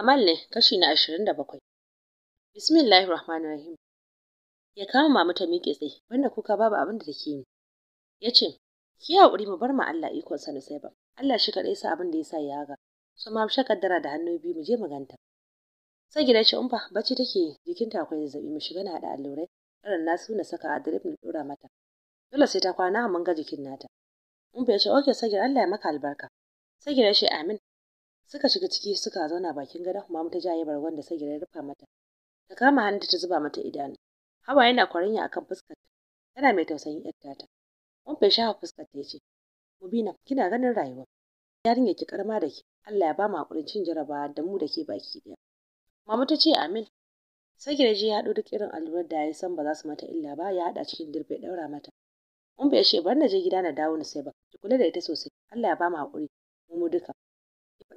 Kamal ne kashi na ashirin da bakwai. Bismillahi Rahmanir Rahim. Ya kama mamu ta miƙe tsaye, wanda kuka babu abin da take yi. Ya ce, ki haƙuri mu bar ma Allah sa na sai ba. Allah shi kaɗai sa abin da ya sa ya haka. Su ma shi kaddara da hannu biyu mu je mu ganta. Sai gida ce umfa bacci take jikinta akwai zazzabi mu shiga na haɗa allurai irin nasu na saka a drip na ɗora mata. Dole sai ta kwana mun ga jikin nata. Umfa ya ce oke sai Allah ya maka albarka. Sai gida ce amin suka shiga ciki suka zauna bakin gada mamu ta jaye bargon da sagira ya rufa mata ta kama hannunta ta zuba mata idanu hawa yana kwarinya akan fuskar tana mai tausayin yar ta. mun bai shafa fuskar ta yace mubina kina ganin rayuwa yarinya ki karma da ki Allah ya ba mu hakurin cin jaraba da mu da ke baki ɗaya. mamu ta ce amin sai ji ya haɗo duk irin allurar da ya san ba za su mata illa ba ya hada cikin dirbe ɗaura mata mun bai shi bar na je gida na dawo na sai ba ki kula da ita sosai Allah ya ba mu hakuri mu duka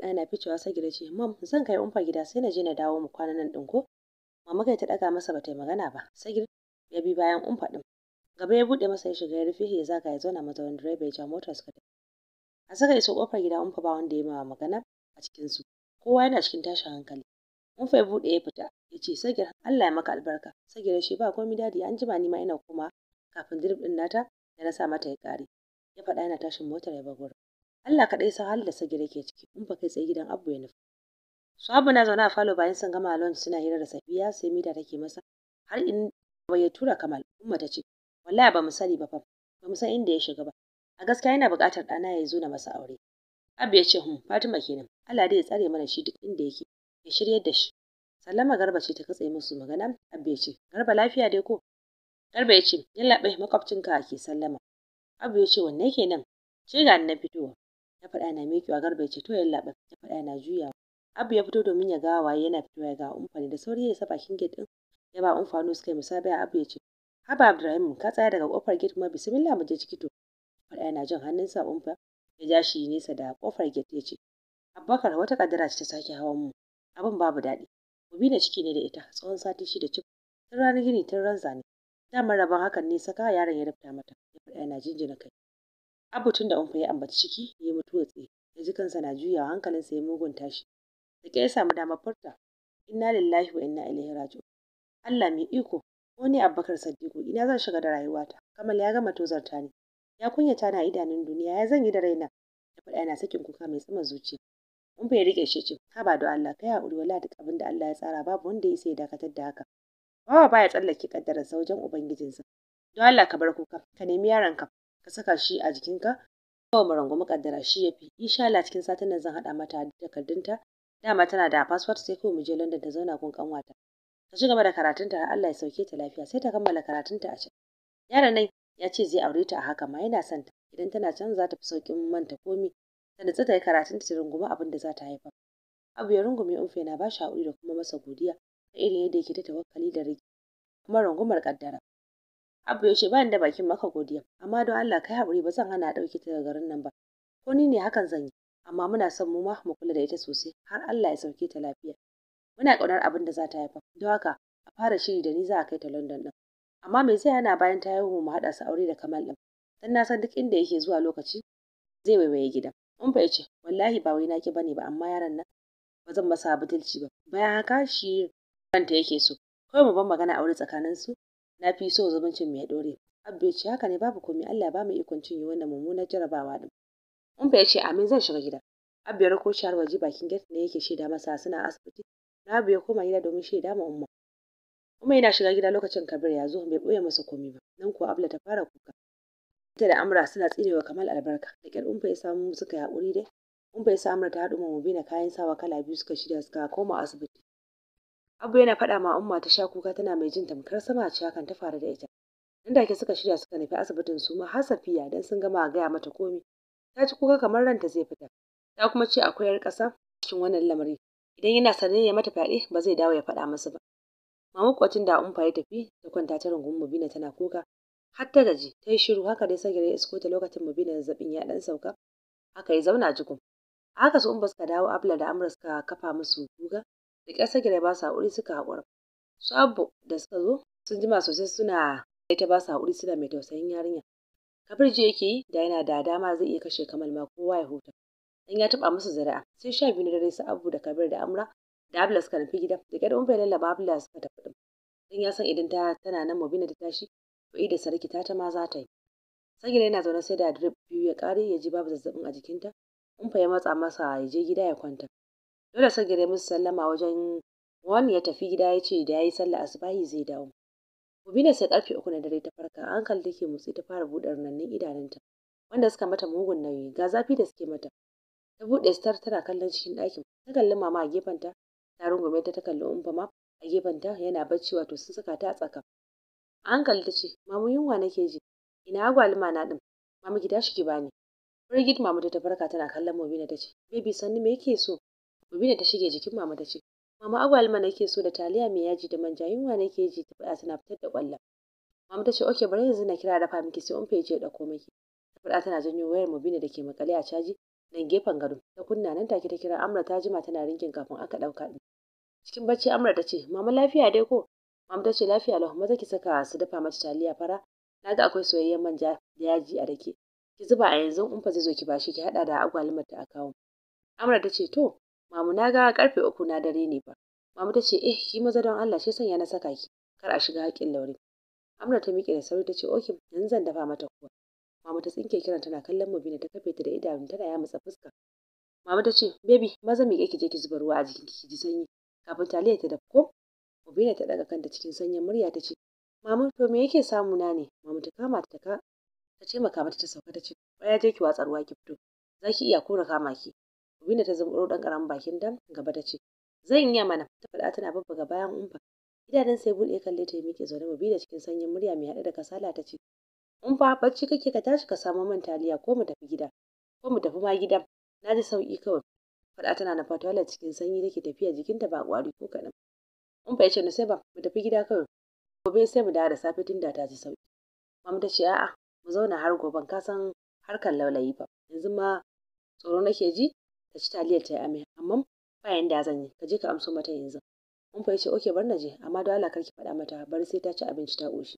ɗaya na ficewa sagira ce Mam, zan kai umfa gida sai na je na dawo mu kwana nan ɗin ko mama kai ta ɗaga masa ba ta yi magana ba sagir ya bi bayan umfa ɗin gaba ya buɗe masa ya shiga ya rufe ya zaka ya zauna mazaunin direba ya ja motar suka tafi a saka iso kofar gida umfa ba wanda ya ma magana a cikin su kowa yana cikin tashin hankali umfa ya buɗe ya fita ya ce sagir Allah ya maka albarka sagir shi ba komai dadi an jima ni ma ina koma kafin dirib ɗin nata da na sa mata ya ƙare ya faɗa yana tashin motar ya bar gurin Allah kaɗai san halin da Sagir ke ciki in ba kai tsaye gidan Abu ya nufa. Suhabu na zaune a falo bayan sun gama lunch suna hira da Safiya sai Mida take masa har in ba ya tura Kamal Umma ta ce wallahi ba mu sani ba fa ba mu san inda ya shiga ba a gaskiya yana buƙatar ɗana ya zo na masa aure. Abu ya ce hum Fatima kenan Allah dai ya tsare mana shi duk inda yake ya shiryar da shi. Sallama Garba ce ta katse musu magana Abu ya ce Garba lafiya dai ko Garba ya ce yallaɓai makwabcinka ke sallama. Abu ya ce wanne kenan ce ga na fitowa ya faɗa yana miƙewa garba ya ce to yallaɓa ya faɗa yana juyawa abu ya fito domin ya gawa waye yana fitowa ya ga umfani da sauri ya isa bakin gate din ya ba wani suka yi musabaya abu ya ce haba abdurrahim ka tsaya daga kofar gate kuma bismillah mu je ciki to faɗa yana jin hannunsa umfa ya ja shi nesa da kofar gate ya ce abubakar wata kadara ce ta sake hawan mu abin babu daɗi mu bi na ciki ne da ita tsawon sati shida cif tun ranar gini tun ran zane damar rabon hakan ne saka yaron ya rufta mata ya faɗa yana jinjina kai Abu tun da Umfa ya ambaci ciki ya mutu watsi, ya ji kansa na juyawa hankalinsa ya mugun tashi. Da ƙyar ya samu damar furta, inna lillahi wa inna ilaihi raji'un. Allah mai iko, ko ne Abubakar Saddiƙu ina zan shiga da rayuwata. Kamal ya gama tozarta ne. Ya kunyata na idanun duniya, ya zan yi da raina. Ya faɗa yana sakin kuka mai tsima zuciya. Umfa ya riƙe shi ce, ba da Allah, kai haƙuri wala duk abin da Allah ya tsara babu wanda ya sai ya dakatar da haka. ba ya tsallake sa wajen Ubangijinsa. Don Allah ka bar kuka, ka nemi yaron ka ka saka shi a jikinka kawai mu rangwami kaddara shi ya fi insha Allah cikin satin nan zan haɗa mata da takardunta dama tana da passport sai kawai mu je London ta zauna gun kanwata ta ci gaba da karatunta har Allah ya sauke ta lafiya sai ta kammala karatunta a can yaron nan ya ce zai aure ta a haka ma yana son ta idan tana can za ta fi saukin manta komi ta nutsu ta karatun ta rungumi abin da za ta haifa abu ya rungumi umfe na ba shi haƙuri da kuma masa godiya ta irin yadda yake ta tawakkali da rigi kuma rungumar kaddara abu yaushe bani ba da bakin maka godiya, amma don Allah kai haƙuri ba zan hana ɗauki ta garin nan ba. Ko ni ne hakan zan yi, amma muna son mu ma mu kula da ita sosai har Allah ya sauke ta lafiya. Muna ƙaunar abin da za ta haifa, don haka a fara shiri da ni za a kai ta London ɗin. Amma me zai hana bayan ta haihu mu haɗa su aure da Kamal ɗin? Dan na san duk inda yake zuwa lokaci zai waiwaye gida. mun ya ce, wallahi ba wai naki bane ba amma yaron nan ba zan masa butulci ba. Bayan haka shi kanta yake so. Kawai mu ban magana aure tsakanin su na fi so zumuncin mai ɗore abba ya ce haka ne babu komai Allah ba mu ikon cinye wannan mummunar jarabawa din umma ya ce amin zan shiga gida abba ya rako shi waje bakin gate ne yake shaida masa suna asibiti na ya koma gida domin shaida ma umma umma yana shiga gida lokacin kabir ya zo bai ɓoye masa komai ba nan ko abla ta fara kuka ita da amra suna tsinewa kamal albarka da ƙyar umba ya samu suka yi haƙuri dai Umba ya samu ta haɗu ma na kayan sawa kala biyu suka shirya suka koma asibiti Abu yana faɗa ma Umma ta sha kuka tana mai jin tamkar sama ce hakan ta faru da ita. Nan take suka shirya suka nufi asibitin su ma har Safiya dan sun gama gaya mata komi. Ta ci kuka kamar ranta zai fita. Ta kuma ce akwai yar ƙasa cikin wannan lamari. Idan yana sanin ya mata fyaɗe ba zai dawo ya faɗa masa ba. Mamakocin da Umfa ya tafi ta kwanta ta rungumi Mubina tana kuka. Har ta gaji ta yi shiru haka dai sagire ya isko ta lokacin Mubina zazzabin ya ɗan sauka. Haka ya zauna jikun. haka su Umba suka dawo Abla da Amra suka kafa musu guga da ƙyar sake da ba su haƙuri suka haƙura su abu da suka zo sun jima sosai suna ita ba su haƙuri suna mai tausayin yarinya kafirji yake yi da yana da dama zai iya kashe kamal ma kowa ya huta dan ya taɓa musu zari'a sai sha biyu na dare su abu da kabir da amra da da suka nufi gida. da ƙyar umar ba abla suka tafi ɗin dan ya san idan ta tana nan mobina ta tashi to da sarki ta ta ma za ta yi sagina yana zaune sai da drip biyu ya ƙare ya ji babu zazzaɓin a jikinta umfa ya matsa masa ya je gida ya kwanta Dole sai ya musu sallama wajen wani ya tafi gida ya ce da ya yi sallah asubahi zai dawo. Mubina sai karfe uku na dare ta farka hankali take motsi ta fara buɗe rannanin idanunta wanda suka mata mugun nauyi ga zafi da suke mata. Ta buɗe star tana kallon cikin ɗakin ta kalli mama a gefenta ta rungume ta ta kalli umba ma a gefenta yana bacci wato sun saka ta a tsaka. A hankali ta ce mamu yunwa nake ji ina agwaluma na ɗin mamu gida shi ki bani. Firgit mamu ta farka tana kallon na ta ce baby sannu me yake so? Mubina ta shige jikin mama ta ce, Mama agwaluma nake so da taliya mai yaji da manja yunwa nake ji ta faɗa tana fitar da ƙwallon. Mama ta ce, Okay bari yanzu na kira dafa miki sai umfe je ɗauko miki. Ta faɗa tana janyo wayar Mubina da ke makale a caji nan gefen gado. Ta kunna nan take ta kira Amra ta jima tana rinkin kafin aka ɗauka ɗin. Cikin bacci Amra ta ce, Mama lafiya dai ko? Mama ta ce lafiya lau maza ki saka su dafa mata taliya fara. Na ga akwai soyayyen manja da yaji a rake. Ki zuba a yanzu umfa zai zo ki bashi ki haɗa da agwalumar ta a Amra ta ce to Mamu na ga karfe uku na dare ne ba. Mamu ta ce, eh, ki maza don Allah shi sanya na saka ki, kar a shiga haƙƙin laure. Amna ta miƙe da sauri ta ce, oke, yanzu zan dafa mata kuwa. Mamu ta tsinke kiran tana kallon Mubina ta kafe ta da idanu tana ya fuska. Mamu ta ce, baby, maza miƙe ki je ki zuba ruwa a jikin ki ji sanyi kafin taliya ta da ko? Mubina ta daga kanta cikin sanyin murya ta ce, Mamu, to me yake samu na ne? Mamu ta kama ta ka ta maka mata ta sauka ta ce, ya je ki watsa ruwa ki fito. Za ki iya kora kama ki. Winda ta zumburo ɗan karamin bakin dam gaba ta ce, Zan iya mana, ta faɗa tana babbaga bayan Umfa. Idanun sai buɗe kalle ta miƙe zaune da cikin sanyin murya mai haɗe da kasala ta ce, Umfa bacci kake ka tashi ka samu man taliya ko mu tafi gida, ko mu tafi ma gida, na ji sauki kawai. Faɗa tana na fatawalar cikin sanyi take tafiya jikinta ba kwari ko kaɗan. Umfa ya ce, sai ba mu tafi gida kawai. Gobe sai mu dawo da safe tun da ta ji sauki. Mamu ta ce, A'a, mu zauna har goben ka san harkar laulayi fa. Yanzu ma tsoro nake ji ta ci taliyar ta yi amai amma ba yanda zan yi ka je ka amso mata yanzu mun fa ce okay bar na je amma don Allah kar ki faɗa mata bari sai ta ci abinci ta ƙoshi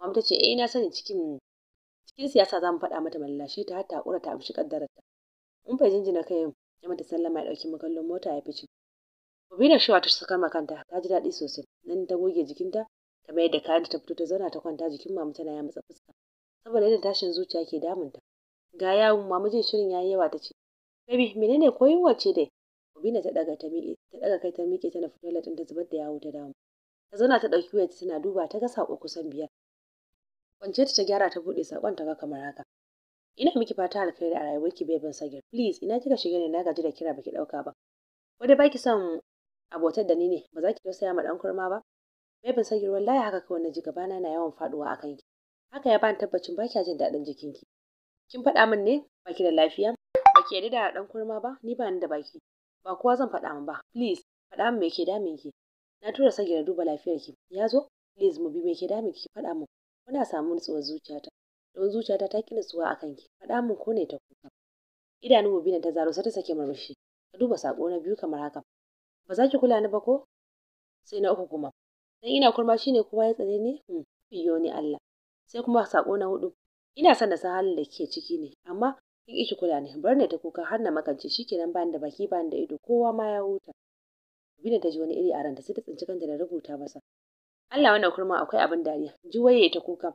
mamu ta ce eh na sani cikin cikin siyasa za mu faɗa mata mallashe ta har ta haƙura ta amshi kaddarar ta mun fa jinjina kai ya mata sallama ya ɗauki makallon mota ya fice Bobina Shawa ta saka kanta ta ji daɗi sosai nan ta goge jikinta ta mayar da kayan ta fito ta zauna ta kwanta jikin mamu tana ya matsa fuska saboda yadda tashin zuciya ke damunta ga yawun mamu jin shirin yi yawa ta ce Baby, menene ko yunwa dai? na ta ɗaga ta miƙe, ta daga kai ta miƙe tana fitar da ta zubar da yawo ta damu. Ta zauna ta ɗauki wayarta tana duba ta ga saƙo kusan biyar. Kwance ta ta gyara ta buɗe saƙon ta ga kamar haka. Ina miki fata alkhairi a rayuwarki ban sagir. Please, ina kika shiga ne na gaji da kira baki ɗauka ba. Ko dai baki son abotar da ni ne, ba za ki tausaya ma ɗan kurma ba? Bebin sagir wallahi haka kawai na ji gabana na yawan faɗuwa a kanki. Haka ya bani tabbacin ba kya jin daɗin jikinki. Kin faɗa min ne? baki da lafiya? ke da da dan kurma ba ni ba ni da baki ba kowa zan faɗa min ba please faɗa min me ke damin ki na tura sagi na duba lafiyar ki ya zo please mu bi me ke damin ki faɗa min muna samu nutsuwar zuciyata don zuciyata ta ki nutsuwa akan ki faɗa min ko ne ta kuka idanun mu na ta zaro sai ta sake murmushi ka duba sako na biyu kamar haka ba za ki kula ni ba ko sai na uku kuma dan ina kurma shine kowa ya tsare ne biyo ni Allah sai kuma sako na hudu ina son na san halin da kike ciki ne amma in ishi kula ne? bar ne ta kuka har na makance kenan bani da baki bani da ido kowa ma ya huta Bina ta ji wani iri a ranta sai ta tsinci kanta da rubuta masa Allah wannan kurma akwai abin dariya ji waye ta kuka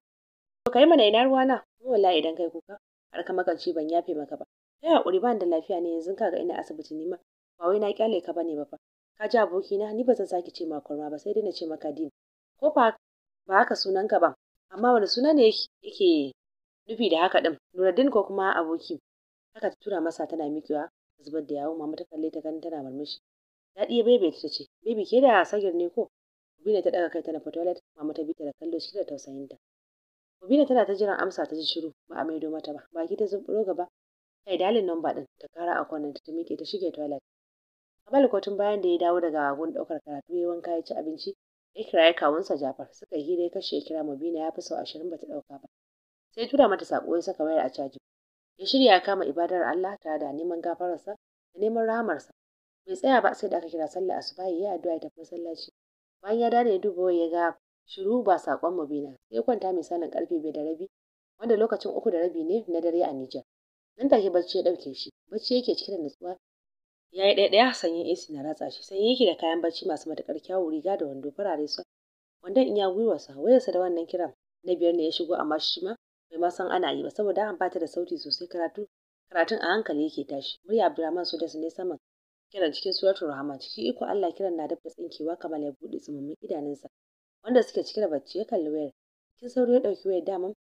to kai mana ina ruwa na wallahi idan kai kuka har ka makance ban yafe maka ba kai hakuri bani da lafiya ne yanzu kaga ina asibiti ne ma ba wai na kyale ka bane ba fa ka ji na ni ba zan sake ce ma kurma ba sai dai na ce maka din ko fa ba haka sunan ka ba amma wani suna ne yake nufi da haka din Nuruddin ko kuma aboki haka ta tura masa tana mikewa ta zubar da yawo mama ta kalle ta gani tana murmushi daɗi bebe ta ce bebe ke da sagir ne ko Mubina ta ɗaga kai tana toilet, mama ta bi ta da kallo shi da tausayinta Mubina tana ta jiran amsa ta ji shiru ba a maido mata ba baki ta zuburo gaba kai dalin namba din ta kara a kwanan ta mike ta shige toilet Kamal kotun bayan da ya dawo daga gun ɗaukar karatu ya wanka ya ci abinci ya kira ya kawunsa Jafar suka hira ya kashe ya kira Mubina ya fi sau ashirin ba ɗauka ba sai tura mata sako ya saka wayar a caji ya shirya ya kama ibadar Allah tare da neman gafararsa da neman rahamarsa bai tsaya ba sai da aka kira sallah asuba ya addu'a ta tafi masallaci bayan ya dade dubo ya ga shiru ba sakon mu bina sai kwanta mai sanin karfe bai da rabi wanda lokacin uku da rabi ne na dare a Nijar nan take bacci ya dauke shi bacci yake cike da nutsuwa ya yi ɗaya sanyin AC na ratsa shi sanyi yake da kayan bacci masu matakar kyawu riga da wando farare su wandon in ya gwiwarsa wayarsa da wannan kiran na biyar ne ya shigo amma shi ma bai ma san ana yi ba saboda an bata da sauti sosai karatu karatun a hankali yake tashi murya Abdulrahman su ne saman kiran cikin suratul Rahman ciki iko Allah kiran na dabda tsinkewa kamar ya bude tsumammin idanunsa wanda suke cike da bacci ya kalli wayar cikin sauri ya dauki wayar daman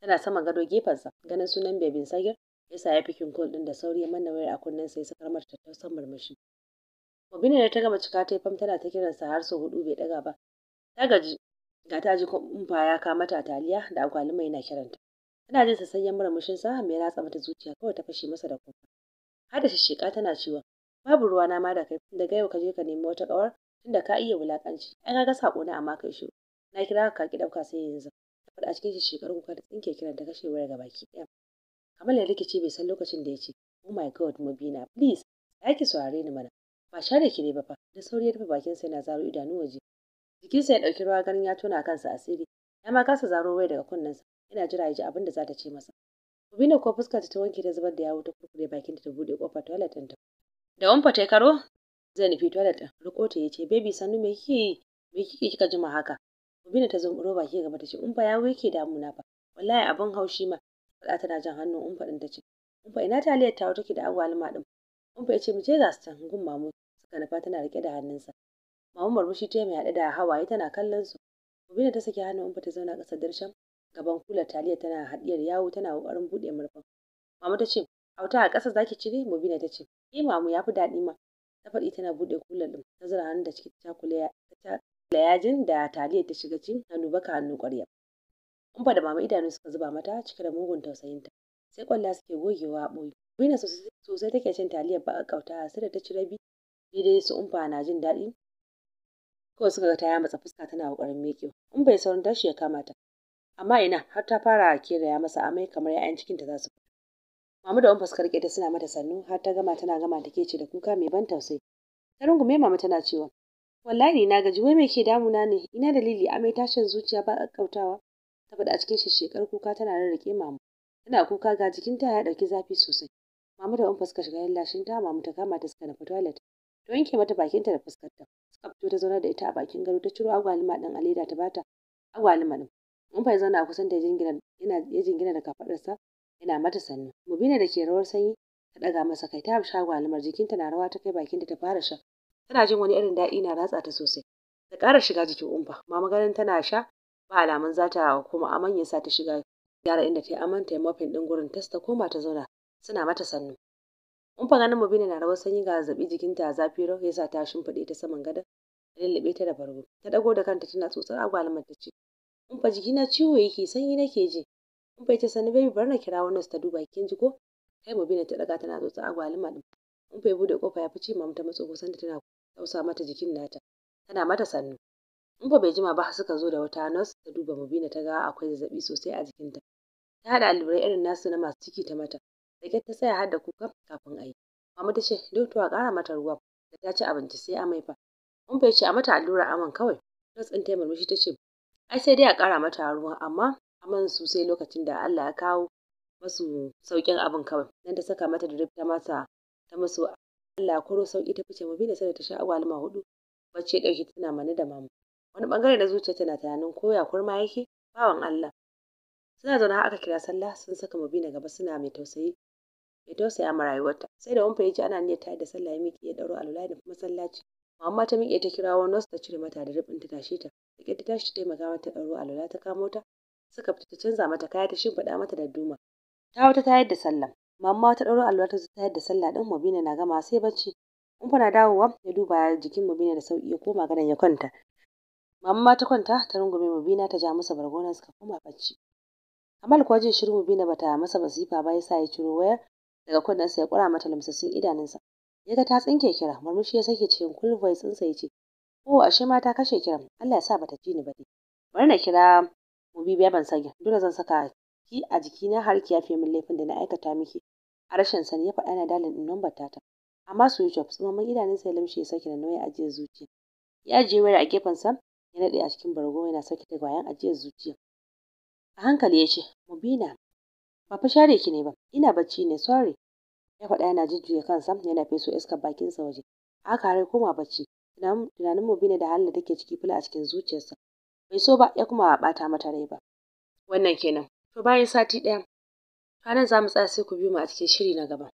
tana sama gado gefensa ganin sunan bebin sagir yasa ya fi kin kol ɗin da sauri ya manna wayar a kunnen sai sakar mata tattausan murmushi Mobina da ta gama cika ta yi fam tana ta kiransa har sau hudu bai daga ba ta gaji ga ta ji kumfa ya kama ta taliya da agwaluma yana kiranta tana jin sassayen sa mai ratsa mata zuciya kawai ta fashe masa da kuka har da shishika tana cewa babu ruwa na ma da kai daga yau ka je ka nemi wata kawar tunda ka iya wulakanci ai ga sako na amma kai shiru na kira ka ki ɗauka sai yanzu ta faɗa cikin shishikar kuka da tsinke kiran ta kashe wayar gabaki ɗaya kamar ya rikice bai san lokacin da ya ce oh my god mabina. please ki saurare ni mana ba share ki ne ba fa da sauri ya rufe bakin sa yana zaro idanu waje Jikinsa ya ɗauki rawa ganin ya tona kansa asiri. Ya ma kasa zaro wai daga kunnensa. Yana jira ya ji abin da za ta ce masa. Rubina ko fuskarta ta wanke ta zubar da yawo ta kurkure bakin ta buɗe kofar toilet ta. Da wanfa ta karo zai nufi toilet ɗin. Riko ta yace baby sannu me kike yi? Me kike kika jima haka? Rubina ta zumburo baki gaba ta ce in fa yawo yake damuna fa. Wallahi abin haushi ma. Faɗa tana jan hannun umfa ɗin ta ce. Umfa ina taliyar tawo take da agwaluma ɗin. Umfa ya ce mu je ga can gun mamu. Suka nufa tana riƙe da hannunsa. Maman murmushi ta mai haɗe da hawaye tana kallon su. Mubina ta saki hannun umfa ta zauna ƙasar darshan gaban kula taliya tana haɗiyar yawo tana ƙoƙarin buɗe murfin. Mama ta ce, "Auta a ƙasa zaki cire?" Mubina ta ce, "Eh mamu ya fi daɗi ma." Ta faɗi tana buɗe kula ɗin, ta zura hannun da cikin ta kula yajin da taliyar ta shiga cin hannu baka hannu ƙwarya. Umfa da mama idanu suka zuba mata cike da mugun tausayinta. Sai ƙwalla suke gogewa a ɓoye. Mubina sosai take cin taliyar ba sai da ta ci rabi. Daidai su umfa na jin daɗi kawai suka ga ta matsa fuska tana kokarin miƙewa in bai saurin tashi ya kama ta amma ina har ta fara ya masa amai kamar ya'yan cikinta za su fito mamu da wani fuskar rike ta suna mata sannu har ta gama tana gama take ce da kuka mai ban tausayi ta rungume mama tana cewa wallahi na gaji wai me ke damuna ne ina dalili amai tashin zuciya ba kakkautawa ta faɗa a cikin shekar kuka tana rarrake mamu tana kuka ga jikinta ya ɗauki zafi sosai mamu da wani suka shiga lallashin ta mamu ta kama ta suka nufi toilet ta wanke mata bakinta da fuskarta suka fito ta zauna da ita a bakin gado ta ciro agwaluma ɗin a leda ta bata agwaluma ɗin in fa zauna a kusan da ya jingina da kafaɗarsa yana mata sannu mubina da ke rawar sanyi ta ɗaga masa kai ta sha agwalumar jikinta na rawa ta kai bakinta ta fara sha tana jin wani irin daɗi na ratsa ta sosai ta ƙara shiga jikin umfa mama ganin tana sha ba alamun za ta kuma aman ya sa ta shiga gyara inda ta yi aman ta yi mafin ɗin gurin tas ta koma ta zauna suna mata sannu Umfa ganin Mubina na rawar sanyi ga zazzaɓi jikinta a zafi rau sa ta shimfiɗe ta saman gadon ta lallabe ta da bargo. Ta ɗago da kanta tana tsotsar agwalumar ta ce, jiki na ciwo yake sanyi na ke ji. Umfa ta sani baby bar na kira wani ta duba kin ji ko? Kai Mubina ta ɗaga tana tsotsar agwaluma din Umfa ya buɗe kofa ya fice mamu ta matso kusan tana tausa mata jikin nata. Tana mata sannu. fa bai jima ba suka zo da wata nurse ta duba Mubina ta ga akwai zazzaɓi sosai a jikinta. Ta haɗa allurai irin nasu na masu ciki ta mata. Da ta tsaya har da kuka kafin a yi. Mama ta ce, Dokto a ƙara mata ruwa, da ta ci abinci sai amai fa. mun ya ce, a mata allura aman kawai. Nas ɗin ta murmushi ta ce, ai sai dai a ƙara mata ruwa, amma aman su sai lokacin da Allah ya kawo masu sauƙin abin kawai. Nan ta saka mata drip ta masa ta masu Allah ya koro sauƙi ta fice da sai da ta sha agwaluma hudu. Bacci ya ɗauki tana mani da mama. Wani ɓangare na zuciya tana tunanin koya kurma yake bawan Allah. Suna zaune har aka kira sallah sun saka na gaba suna mai tausayi ya tausaya ma rayuwarta sai da wani ya ana niyyar tayar da sallah ya miƙe ya ɗauro alwala da masallaci amma ta miƙe ta kirawo wasu ta cire mata da ribin ta tashe ta da ta tashi ta taimaka mata ɗauro alwala ta kamo ta suka fita ta canza mata kaya ta shimfiɗa mata da duma ta wata tayar da sallah mamma ta ɗauro alwala ta tayar da sallah ɗin mabina na gama sai bacci in na dawowa ya duba jikin mabina da sauƙi ya koma gadon ya kwanta mamma ta kwanta ta rungume mabina ta ja masa bargonan suka koma bacci Amal kuwa jin shiru Mubina bata masa masifa ba yasa ya ciro wayar daga kunnensa ya ƙura mata lamsassun idanunsa ya ga ta tsinke kira murmushi ya sake cikin cool voice ɗinsa ya ce oh ashe ma ta kashe kiran Allah ya sa bata ji ni ba dai bari na kira mu bibiya ban sanya dole zan saka ki a jikina har ki yafe min laifin da na aikata miki a rashin sani ya faɗa na dalin ɗin lambar tata amma su yi idanun idanunsa ya lamshe ya sake da nauyin ajiyar zuciya ya ajiye wayar a gefen gefensa ya naɗe a cikin bargo yana sake ta bayan ajiyar zuciya a hankali ya ce mubina ba fa share ki ne ba ina bacci ne sorry ya faɗa yana jujjuya kansa yana feso iskar bakinsa waje aka har koma bacci tunanin mu ne da halin da take ciki fula a cikin zuciyarsa bai so ba ya kuma bata mata rai ba wannan kenan to bayan sati ɗaya kanan za mu tsaya sai ku biyo mu a cikin shiri na gaba